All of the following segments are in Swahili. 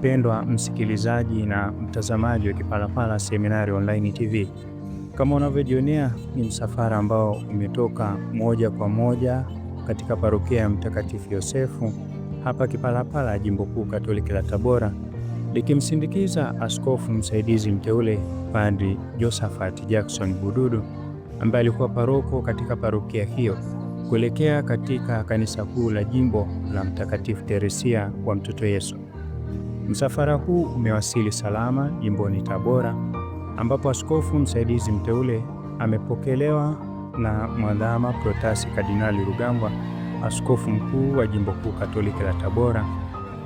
Mpendwa msikilizaji na mtazamaji wa Kipalapala Seminari Online TV, kama unavyojionea ni msafara ambao umetoka moja kwa moja katika parokia ya Mtakatifu Yosefu hapa Kipalapala, jimbo kuu Katoliki la Tabora, likimsindikiza askofu msaidizi mteule Padri Josephat Jackson Bududu ambaye alikuwa paroko katika parokia hiyo kuelekea katika kanisa kuu la jimbo la Mtakatifu Teresia wa Mtoto Yesu. Msafara huu umewasili salama jimboni Tabora, ambapo askofu msaidizi mteule amepokelewa na Mwadhama Protasi Kardinali Rugambwa, askofu mkuu wa jimbo kuu Katoliki la Tabora.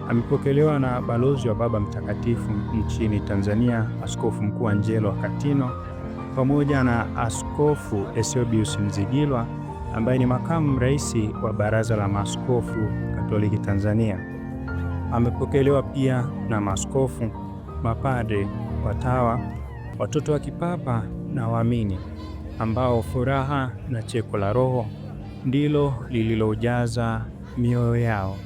Amepokelewa na balozi wa Baba Mtakatifu nchini Tanzania, askofu mkuu Angelo Katino, pamoja na askofu Eusebius Mzigilwa ambaye ni makamu rais wa Baraza la Maaskofu Katoliki Tanzania. Amepokelewa pia na maskofu mapadre, watawa, watoto wa kipapa na waamini ambao furaha na cheko la Roho ndilo lililojaza mioyo yao,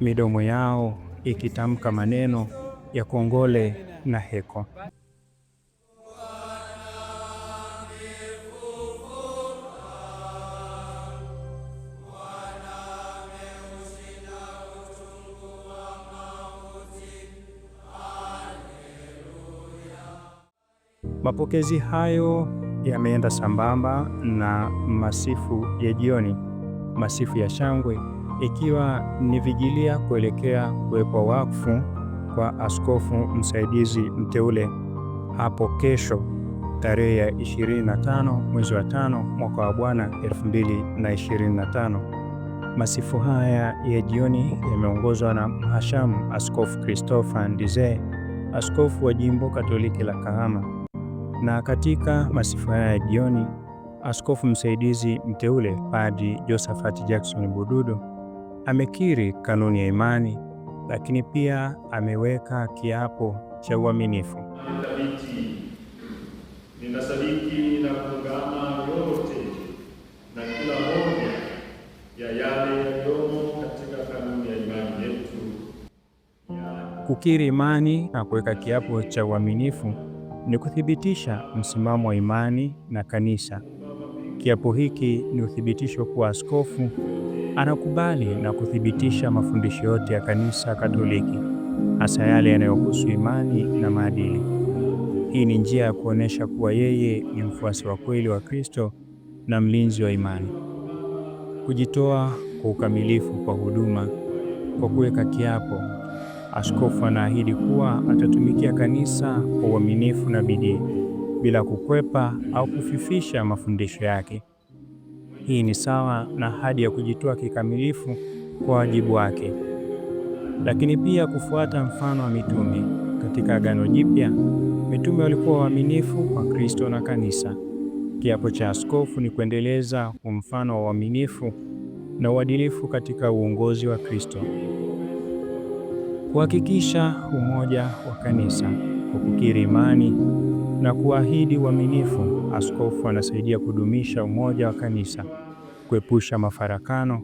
midomo yao ikitamka maneno ya kongole na heko. Mapokezi hayo yameenda sambamba na masifu ya jioni, masifu ya shangwe, ikiwa ni vigilia kuelekea kuwekwa wakfu kwa askofu msaidizi mteule hapo kesho tarehe ya 25 mwezi wa tano mwaka wa Bwana 2025. Masifu haya ya jioni yameongozwa na mhashamu Askofu Christopher Ndize, askofu wa jimbo Katoliki la Kahama. Na katika masifa haya ya jioni, askofu msaidizi mteule Padri Josephat Jackson Bududu amekiri kanuni ya imani, lakini pia ameweka kiapo cha uaminifu. Ninasadiki na kuungana yote na kila moja ya yale yaliyomo katika kanuni ya imani yetu ya... kukiri imani na kuweka kiapo cha uaminifu ni kuthibitisha msimamo wa imani na kanisa. Kiapo hiki ni uthibitisho kuwa askofu anakubali na kuthibitisha mafundisho yote ya kanisa Katoliki, hasa yale yanayohusu imani na maadili. Hii ni njia ya kuonesha kuwa yeye ni mfuasi wa kweli wa Kristo na mlinzi wa imani. Kujitoa kwa ukamilifu kwa huduma kwa kuweka kiapo Askofu anaahidi kuwa atatumikia kanisa kwa uaminifu na bidii bila kukwepa au kufifisha mafundisho yake. Hii ni sawa na hadi ya kujitoa kikamilifu kwa wajibu wake, lakini pia kufuata mfano wa mitume. Katika Agano Jipya, mitume walikuwa waaminifu kwa Kristo na kanisa. Kiapo cha askofu ni kuendeleza mfano wa uaminifu na uadilifu katika uongozi wa Kristo kuhakikisha umoja wa kanisa kwa kukiri imani na kuahidi uaminifu. Askofu anasaidia kudumisha umoja wa kanisa, kuepusha mafarakano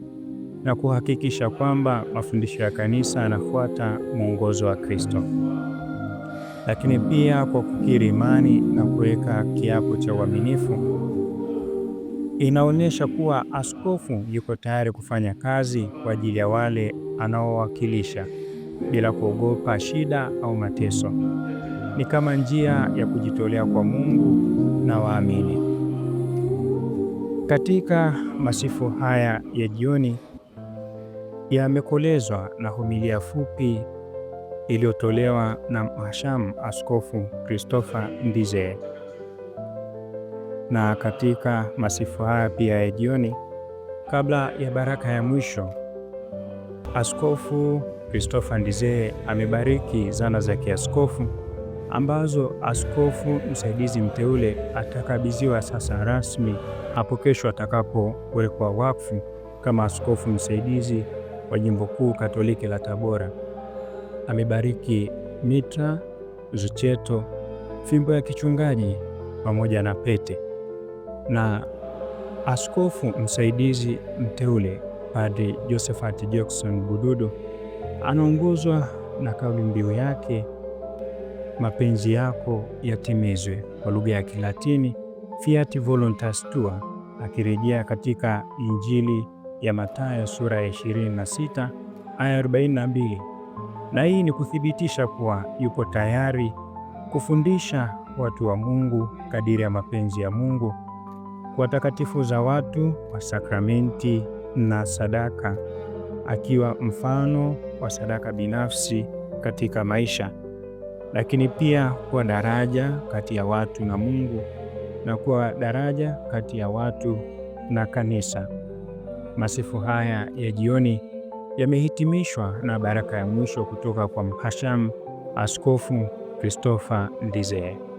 na kuhakikisha kwamba mafundisho ya kanisa yanafuata mwongozo wa Kristo. Lakini pia kwa kukiri imani na kuweka kiapo cha uaminifu, inaonyesha kuwa askofu yuko tayari kufanya kazi kwa ajili ya wale anaowakilisha bila kuogopa shida au mateso. Ni kama njia ya kujitolea kwa Mungu na waamini. Katika masifu haya ya jioni yamekolezwa na homilia fupi iliyotolewa na mhashamu Askofu Christopher Ndizeye. Na katika masifu haya pia ya jioni, kabla ya baraka ya mwisho, Askofu Christopher Ndizeye amebariki zana za kiaskofu ambazo askofu msaidizi mteule atakabidhiwa sasa rasmi hapo kesho atakapowekwa wakfu kama askofu msaidizi wa jimbo kuu Katoliki la Tabora. Amebariki mitra, zucheto, fimbo ya kichungaji pamoja na pete. Na askofu msaidizi mteule Padri Josephat Jackson Bududu anaongozwa na kauli mbiu yake mapenzi yako yatimizwe, kwa lugha ya Kilatini Fiat Voluntas Tua, akirejea katika Injili ya Mathayo sura ya 26 aya 42. Na hii ni kuthibitisha kuwa yupo tayari kufundisha watu wa Mungu kadiri ya mapenzi ya Mungu takatifu za watu kwa sakramenti na sadaka, akiwa mfano kwa sadaka binafsi katika maisha, lakini pia kuwa daraja kati ya watu na Mungu na kuwa daraja kati ya watu na kanisa. Masifu haya ya jioni yamehitimishwa na baraka ya mwisho kutoka kwa mhasham Askofu Christopher Ndizeye.